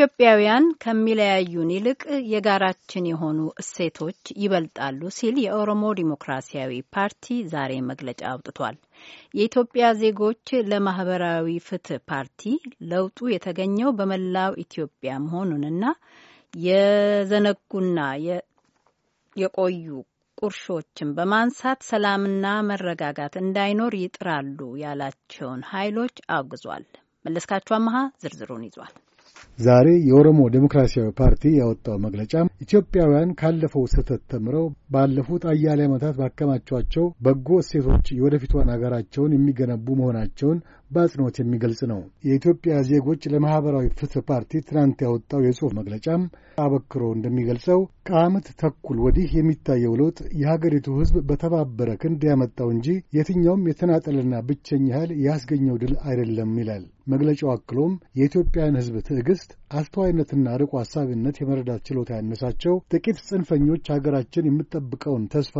ኢትዮጵያውያን ከሚለያዩን ይልቅ የጋራችን የሆኑ እሴቶች ይበልጣሉ ሲል የኦሮሞ ዲሞክራሲያዊ ፓርቲ ዛሬ መግለጫ አውጥቷል። የኢትዮጵያ ዜጎች ለማህበራዊ ፍትህ ፓርቲ ለውጡ የተገኘው በመላው ኢትዮጵያ መሆኑንና የዘነጉና የቆዩ ቁርሾችን በማንሳት ሰላምና መረጋጋት እንዳይኖር ይጥራሉ ያላቸውን ኃይሎች አውግዟል። መለስካቸው አመሃ ዝርዝሩን ይዟል። ዛሬ የኦሮሞ ዴሞክራሲያዊ ፓርቲ ያወጣው መግለጫ ኢትዮጵያውያን ካለፈው ስህተት ተምረው ባለፉት አያሌ ዓመታት ባከማቸቸው በጎ እሴቶች የወደፊቷን አገራቸውን የሚገነቡ መሆናቸውን በአጽንኦት የሚገልጽ ነው። የኢትዮጵያ ዜጎች ለማኅበራዊ ፍትሕ ፓርቲ ትናንት ያወጣው የጽሑፍ መግለጫም አበክሮ እንደሚገልጸው ከዓመት ተኩል ወዲህ የሚታየው ለውጥ የሀገሪቱ ሕዝብ በተባበረ ክንድ ያመጣው እንጂ የትኛውም የተናጠልና ብቸኛ ያህል ያስገኘው ድል አይደለም ይላል መግለጫው። አክሎም የኢትዮጵያን ሕዝብ ትዕግሥት አስተዋይነትና ርቆ ሐሳቢነት የመረዳት ችሎታ ያነሳቸው ጥቂት ጽንፈኞች ሀገራችን የምትጠብቀውን ተስፋ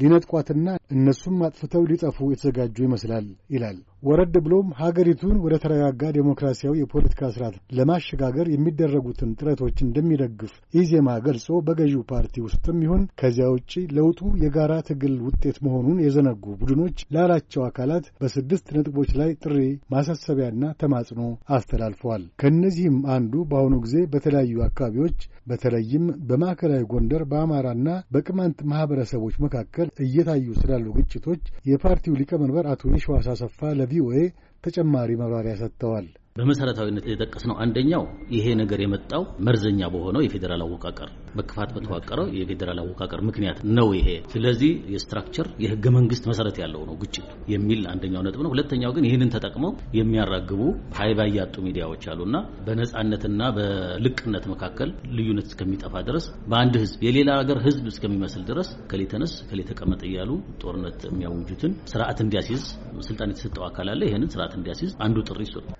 ሊነጥቋትና እነሱም አጥፍተው ሊጠፉ የተዘጋጁ ይመስላል ይላል። ወረድ ብሎም ሀገሪቱን ወደ ተረጋጋ ዴሞክራሲያዊ የፖለቲካ ስርዓት ለማሸጋገር የሚደረጉትን ጥረቶች እንደሚደግፍ ኢዜማ ገልጾ በገዢው ፓርቲ ውስጥም ይሁን ከዚያ ውጭ ለውጡ የጋራ ትግል ውጤት መሆኑን የዘነጉ ቡድኖች ላላቸው አካላት በስድስት ነጥቦች ላይ ጥሪ ማሳሰቢያና ተማጽኖ አስተላልፈዋል። ከእነዚህም አንዱ በአሁኑ ጊዜ በተለያዩ አካባቢዎች በተለይም በማዕከላዊ ጎንደር በአማራና በቅማንት ማህበረሰቦች መካከል እየታዩ ስላሉ ግጭቶች የፓርቲው ሊቀመንበር አቶ የሸዋስ አሰፋ ለቪኦኤ ተጨማሪ መብራሪያ ሰጥተዋል። በመሰረታዊነት ነው አንደኛው ይሄ ነገር የመጣው መርዘኛ በሆነው የፌዴራል አወቃቀር በክፋት በተዋቀረው የፌዴራል አወቃቀር ምክንያት ነው ይሄ። ስለዚህ የስትራክቸር የህገ መንግስት መሰረት ያለው ነው ግጭቱ የሚል አንደኛው ነጥብ ነው። ሁለተኛው ግን ይህንን ተጠቅመው የሚያራግቡ ሀይባ እያጡ ሚዲያዎች አሉና በነጻነትና በልቅነት መካከል ልዩነት እስከሚጠፋ ድረስ በአንድ ህዝብ የሌላ ሀገር ህዝብ እስከሚመስል ድረስ ከሌተነስ ከሌተቀመጥ እያሉ ጦርነት የሚያውጁትን ስርዓት እንዲያስይዝ ስልጣን የተሰጠው አካል አለ። ይህንን ስርዓት እንዲያስይዝ አንዱ ጥሪ እሱ ነው።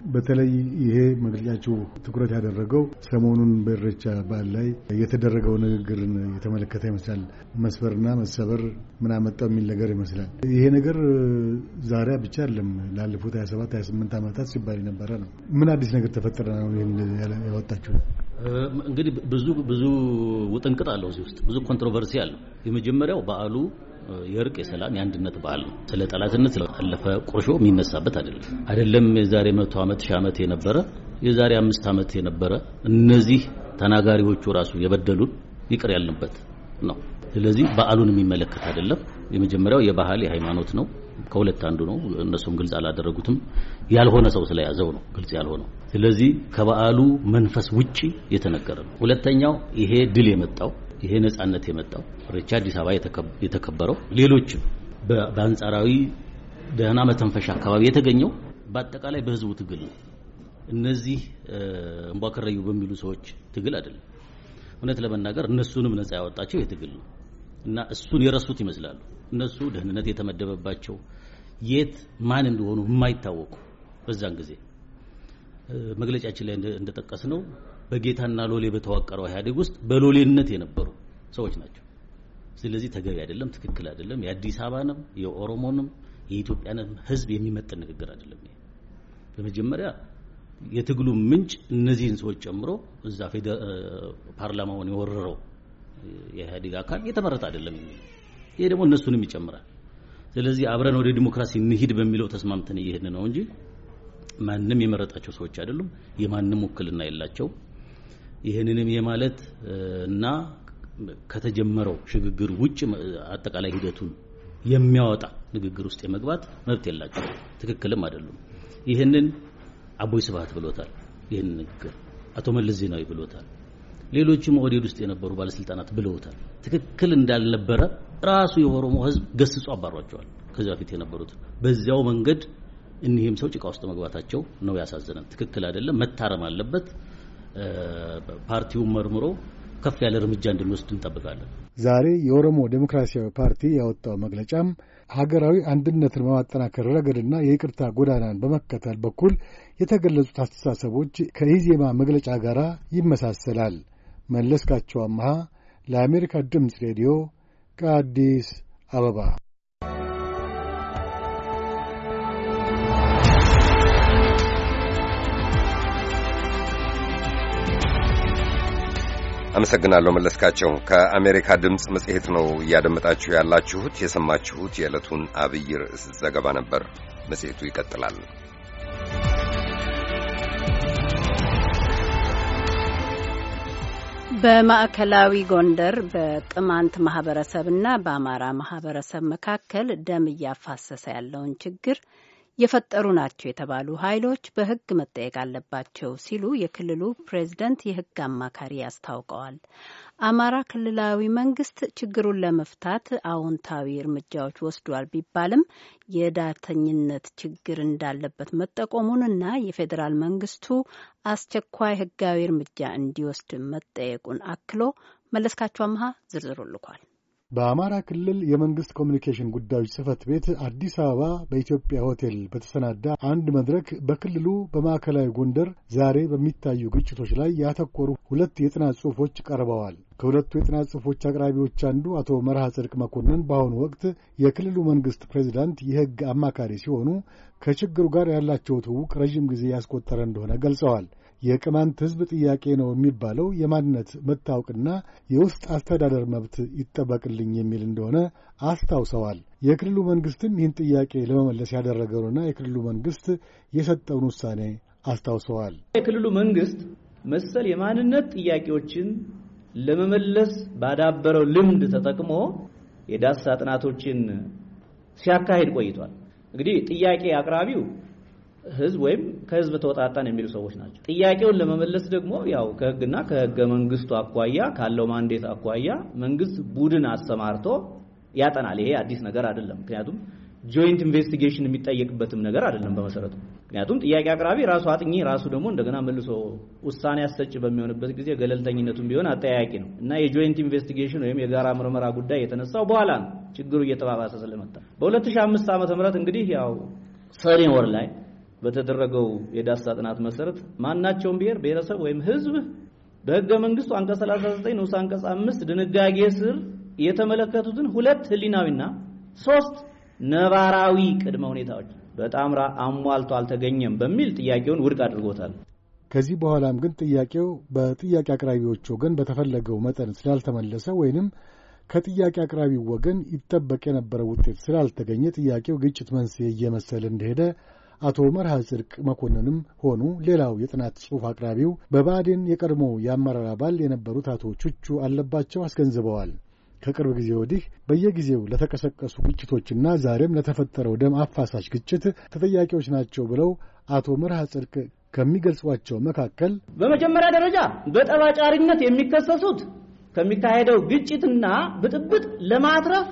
በተለይ ይሄ መግለጫችሁ ትኩረት ያደረገው ሰሞኑን በኢሬቻ በዓል ላይ የተደረገው ንግግርን የተመለከተ ይመስላል። መስበርና መሰበር ምን አመጣው የሚል ነገር ይመስላል። ይሄ ነገር ዛሬ ብቻ አይደለም፣ ላለፉት 27 28 ዓመታት ሲባል የነበረ ነው። ምን አዲስ ነገር ተፈጠረ ነው ይህን ያወጣችሁ? እንግዲህ ብዙ ብዙ ውጥንቅጥ አለው እዚህ ውስጥ ብዙ ኮንትሮቨርሲ አለው። የመጀመሪያው በዓሉ የእርቅ የሰላም የአንድነት በዓል ነው። ስለ ጠላትነት ስለአለፈ ቁርሾ የሚነሳበት አይደለም። አይደለም የዛሬ መቶ ዓመት ሺህ ዓመት የነበረ የዛሬ አምስት ዓመት የነበረ እነዚህ ተናጋሪዎቹ ራሱ የበደሉን ይቅር ያልንበት ነው። ስለዚህ በዓሉን የሚመለከት አይደለም። የመጀመሪያው የባህል የሃይማኖት ነው። ከሁለት አንዱ ነው። እነሱም ግልጽ አላደረጉትም። ያልሆነ ሰው ስለያዘው ነው ግልጽ ያልሆነው። ስለዚህ ከበዓሉ መንፈስ ውጪ የተነገረ ነው። ሁለተኛው ይሄ ድል የመጣው ይሄ ነጻነት የመጣው ኢሬቻ አዲስ አበባ የተከበረው ሌሎችም በአንጻራዊ ደህና መተንፈሻ አካባቢ የተገኘው በአጠቃላይ በህዝቡ ትግል ነው። እነዚህ እንቧከረዩ በሚሉ ሰዎች ትግል አይደለም። እውነት ለመናገር እነሱንም ነጻ ያወጣቸው የትግል ነው እና እሱን የረሱት ይመስላሉ። እነሱ ደህንነት የተመደበባቸው የት ማን እንደሆኑ የማይታወቁ በዛን ጊዜ መግለጫችን ላይ እንደጠቀስ ነው በጌታና ሎሌ በተዋቀረው ኢህአዴግ ውስጥ በሎሌነት የነበሩ ሰዎች ናቸው። ስለዚህ ተገቢ አይደለም፣ ትክክል አይደለም። የአዲስ አበባንም የኦሮሞንም የኢትዮጵያንም ህዝብ የሚመጥን ንግግር አይደለም። በመጀመሪያ የትግሉ ምንጭ እነዚህን ሰዎች ጨምሮ እዛ ፓርላማውን የወረረው የኢህአዴግ አካል የተመረጠ አይደለም ይሄ ደግሞ እነሱንም ይጨምራል። ስለዚህ አብረን ወደ ዲሞክራሲ እንሂድ በሚለው ተስማምተን እየሄድን ነው እንጂ ማንም የመረጣቸው ሰዎች አይደሉም። የማንም ውክልና የላቸው ይህንንም የማለት እና ከተጀመረው ሽግግር ውጭ አጠቃላይ ሂደቱን የሚያወጣ ንግግር ውስጥ የመግባት መብት የላቸው፣ ትክክልም አይደሉም። ይህንን አቦይ ስብሃት ብሎታል። ይህን ንግግር አቶ መለስ ዜናዊ ብሎታል። ሌሎችም ኦህዴድ ውስጥ የነበሩ ባለስልጣናት ብለውታል። ትክክል እንዳልነበረ ራሱ የኦሮሞ ህዝብ ገስጾ አባሯቸዋል። ከዚያ በፊት የነበሩት በዚያው መንገድ እኒህም ሰው ጭቃ ውስጥ መግባታቸው ነው ያሳዘነን። ትክክል አይደለም፣ መታረም አለበት። ፓርቲውን መርምሮ ከፍ ያለ እርምጃ እንድንወስድ እንጠብቃለን። ዛሬ የኦሮሞ ዴሞክራሲያዊ ፓርቲ ያወጣው መግለጫም ሀገራዊ አንድነትን በማጠናከር ረገድና የይቅርታ ጎዳናን በመከተል በኩል የተገለጹት አስተሳሰቦች ከኢዜማ መግለጫ ጋር ይመሳሰላል። መለስካቸው አምሃ ለአሜሪካ ድምፅ ሬዲዮ ከአዲስ አበባ አመሰግናለሁ መለስካቸው። ከአሜሪካ ድምፅ መጽሔት ነው እያደመጣችሁ ያላችሁት። የሰማችሁት የዕለቱን አብይ ርዕስ ዘገባ ነበር። መጽሔቱ ይቀጥላል። በማዕከላዊ ጎንደር በቅማንት ማህበረሰብና በአማራ ማህበረሰብ መካከል ደም እያፋሰሰ ያለውን ችግር የፈጠሩ ናቸው የተባሉ ኃይሎች በሕግ መጠየቅ አለባቸው ሲሉ የክልሉ ፕሬዝደንት የሕግ አማካሪ አስታውቀዋል። አማራ ክልላዊ መንግስት ችግሩን ለመፍታት አዎንታዊ እርምጃዎች ወስዷል ቢባልም የዳተኝነት ችግር እንዳለበት መጠቆሙንና የፌዴራል መንግስቱ አስቸኳይ ሕጋዊ እርምጃ እንዲወስድ መጠየቁን አክሎ መለስካቸው አምሃ ዝርዝሩ ልኳል። በአማራ ክልል የመንግሥት ኮሚኒኬሽን ጉዳዮች ጽፈት ቤት አዲስ አበባ በኢትዮጵያ ሆቴል በተሰናዳ አንድ መድረክ በክልሉ በማዕከላዊ ጎንደር ዛሬ በሚታዩ ግጭቶች ላይ ያተኮሩ ሁለት የጥናት ጽሑፎች ቀርበዋል። ከሁለቱ የጥናት ጽሑፎች አቅራቢዎች አንዱ አቶ መርሃ ጽድቅ መኮንን በአሁኑ ወቅት የክልሉ መንግሥት ፕሬዚዳንት የሕግ አማካሪ ሲሆኑ ከችግሩ ጋር ያላቸው ትውውቅ ረዥም ጊዜ ያስቆጠረ እንደሆነ ገልጸዋል። የቅማንት ሕዝብ ጥያቄ ነው የሚባለው የማንነት መታወቅና የውስጥ አስተዳደር መብት ይጠበቅልኝ የሚል እንደሆነ አስታውሰዋል። የክልሉ መንግሥትም ይህን ጥያቄ ለመመለስ ያደረገውንና የክልሉ መንግሥት የሰጠውን ውሳኔ አስታውሰዋል። የክልሉ መንግሥት መሰል የማንነት ጥያቄዎችን ለመመለስ ባዳበረው ልምድ ተጠቅሞ የዳሳ ጥናቶችን ሲያካሂድ ቆይቷል። እንግዲህ ጥያቄ አቅራቢው ህዝብ ወይም ከህዝብ ተወጣጣን የሚሉ ሰዎች ናቸው። ጥያቄውን ለመመለስ ደግሞ ያው ከህግና ከህገ መንግስቱ አኳያ ካለው ማንዴት አኳያ መንግስት ቡድን አሰማርቶ ያጠናል። ይሄ አዲስ ነገር አይደለም። ምክንያቱም ጆይንት ኢንቨስቲጌሽን የሚጠየቅበትም ነገር አይደለም በመሰረቱ። ምክንያቱም ጥያቄ አቅራቢ ራሱ አጥኚ ራሱ ደግሞ እንደገና መልሶ ውሳኔ አሰጭ በሚሆንበት ጊዜ ገለልተኝነቱም ቢሆን አጠያያቂ ነው እና የጆይንት ኢንቨስቲጌሽን ወይም የጋራ ምርመራ ጉዳይ የተነሳው በኋላ ነው፣ ችግሩ እየተባባሰ ስለመጣ በ2005 ም እንግዲህ ያው ሰኔ ወር ላይ በተደረገው የዳሳ ጥናት መሰረት ማናቸውም ብሔር ብሔረሰብ ወይም ህዝብ በህገ መንግስቱ አንቀጽ 39 ንዑስ አንቀጽ 5 ድንጋጌ ስር የተመለከቱትን ሁለት ህሊናዊና ሶስት ነባራዊ ቅድመ ሁኔታዎች በጣምራ አሟልቶ አልተገኘም በሚል ጥያቄውን ውድቅ አድርጎታል። ከዚህ በኋላም ግን ጥያቄው በጥያቄ አቅራቢዎች ወገን በተፈለገው መጠን ስላልተመለሰ ወይንም ከጥያቄ አቅራቢው ወገን ይጠበቅ የነበረው ውጤት ስላልተገኘ ጥያቄው ግጭት መንስኤ እየመሰለ እንደሄደ አቶ መርሃ ጽድቅ መኮንንም ሆኑ ሌላው የጥናት ጽሑፍ አቅራቢው በብአዴን የቀድሞ የአመራር አባል የነበሩት አቶ ቹቹ አለባቸው አስገንዝበዋል። ከቅርብ ጊዜ ወዲህ በየጊዜው ለተቀሰቀሱ ግጭቶችና ዛሬም ለተፈጠረው ደም አፋሳሽ ግጭት ተጠያቂዎች ናቸው ብለው አቶ መርሃ ጽድቅ ከሚገልጿቸው መካከል በመጀመሪያ ደረጃ በጠባጫሪነት የሚከሰሱት ከሚካሄደው ግጭትና ብጥብጥ ለማትረፍ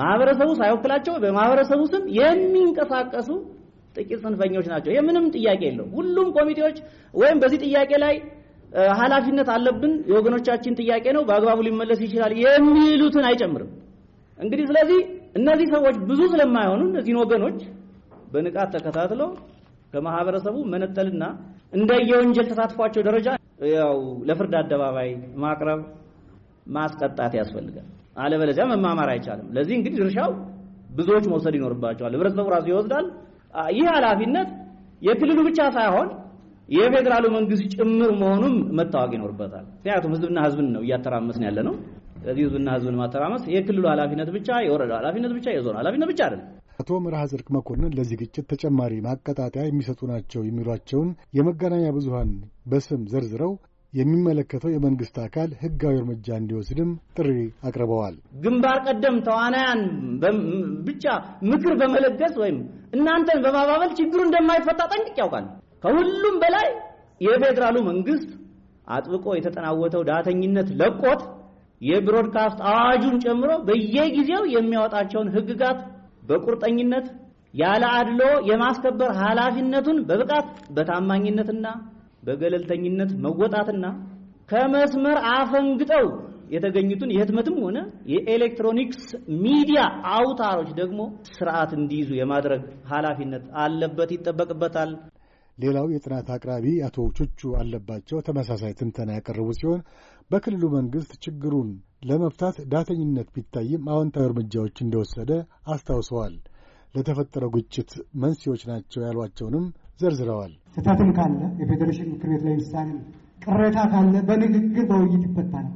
ማህበረሰቡ ሳይወክላቸው በማህበረሰቡ ስም የሚንቀሳቀሱ ጥቂት ጽንፈኞች ናቸው። ይህ ምንም ጥያቄ የለው። ሁሉም ኮሚቴዎች ወይም በዚህ ጥያቄ ላይ ኃላፊነት አለብን የወገኖቻችን ጥያቄ ነው በአግባቡ ሊመለስ ይችላል የሚሉትን አይጨምርም። እንግዲህ ስለዚህ እነዚህ ሰዎች ብዙ ስለማይሆኑ እነዚህን ወገኖች በንቃት ተከታትለው ከማህበረሰቡ መነጠልና እንደየወንጀል ተሳትፏቸው ደረጃ ያው ለፍርድ አደባባይ ማቅረብ ማስቀጣት ያስፈልጋል። አለበለዚያ መማማር አይቻልም። ለዚህ እንግዲህ ድርሻው ብዙዎች መውሰድ ይኖርባቸዋል። ህብረተሰቡ ራሱ ይወስዳል። ይህ ኃላፊነት የክልሉ ብቻ ሳይሆን የፌዴራሉ መንግስት ጭምር መሆኑም መታወቅ ይኖርበታል። ምክንያቱም ህዝብና ህዝብን ነው እያተራመስን ያለ ነው። ስለዚህ ህዝብና ህዝብን ማተራመስ የክልሉ ኃላፊነት ብቻ፣ የወረዳ ኃላፊነት ብቻ፣ የዞን ኃላፊነት ብቻ አይደለም። አቶ መርሃ ጽድቅ መኮንን ለዚህ ግጭት ተጨማሪ ማቀጣጠያ የሚሰጡ ናቸው የሚሏቸውን የመገናኛ ብዙሀን በስም ዘርዝረው የሚመለከተው የመንግስት አካል ህጋዊ እርምጃ እንዲወስድም ጥሪ አቅርበዋል። ግንባር ቀደም ተዋናያን ብቻ ምክር በመለገስ ወይም እናንተን በማባበል ችግሩ እንደማይፈታ ጠንቅቅ ያውቃል። ከሁሉም በላይ የፌዴራሉ መንግስት አጥብቆ የተጠናወተው ዳተኝነት ለቆት የብሮድካስት አዋጁን ጨምሮ በየጊዜው የሚያወጣቸውን ህግጋት በቁርጠኝነት ያለ አድሎ የማስከበር ኃላፊነቱን በብቃት በታማኝነትና በገለልተኝነት መወጣትና ከመስመር አፈንግጠው የተገኙትን የህትመትም ሆነ የኤሌክትሮኒክስ ሚዲያ አውታሮች ደግሞ ስርዓት እንዲይዙ የማድረግ ኃላፊነት አለበት፣ ይጠበቅበታል። ሌላው የጥናት አቅራቢ አቶ ቹቹ አለባቸው ተመሳሳይ ትንተና ያቀረቡ ሲሆን በክልሉ መንግስት ችግሩን ለመፍታት ዳተኝነት ቢታይም አዎንታዊ እርምጃዎች እንደወሰደ አስታውሰዋል። ለተፈጠረው ግጭት መንስኤዎች ናቸው ያሏቸውንም ዘርዝረዋል። ስህተትም ካለ የፌዴሬሽን ምክር ቤት ላይ ውሳኔ ቅሬታ ካለ በንግግር በውይይት ይፈታል።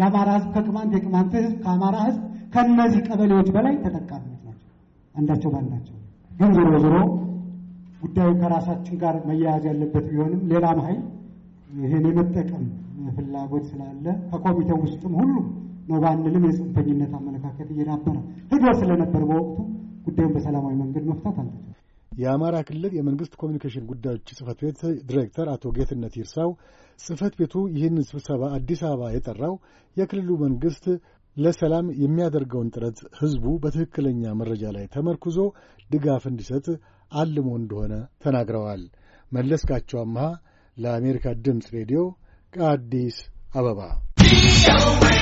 የአማራ ህዝብ ከቅማንት የቅማንት ህዝብ ከአማራ ህዝብ ከእነዚህ ቀበሌዎች በላይ ተጠቃሚነት ናቸው። አንዳቸው ባንዳቸው ግን ዞሮ ዞሮ ጉዳዩ ከራሳችን ጋር መያያዝ ያለበት ቢሆንም ሌላም መሀይል ይህን የመጠቀም ፍላጎት ስላለ ከኮሚቴው ውስጥም ሁሉ ነው ባንልም የጽንፈኝነት አመለካከት እየዳበረ ህዶ ስለነበር በወቅቱ ጉዳዩን በሰላማዊ መንገድ መፍታት አለበት። የአማራ ክልል የመንግስት ኮሚኒኬሽን ጉዳዮች ጽህፈት ቤት ዲሬክተር አቶ ጌትነት ይርሳው ጽህፈት ቤቱ ይህንን ስብሰባ አዲስ አበባ የጠራው የክልሉ መንግስት ለሰላም የሚያደርገውን ጥረት ህዝቡ በትክክለኛ መረጃ ላይ ተመርኩዞ ድጋፍ እንዲሰጥ አልሞ እንደሆነ ተናግረዋል። መለስካቸው አምሃ ለአሜሪካ ድምፅ ሬዲዮ ከአዲስ አበባ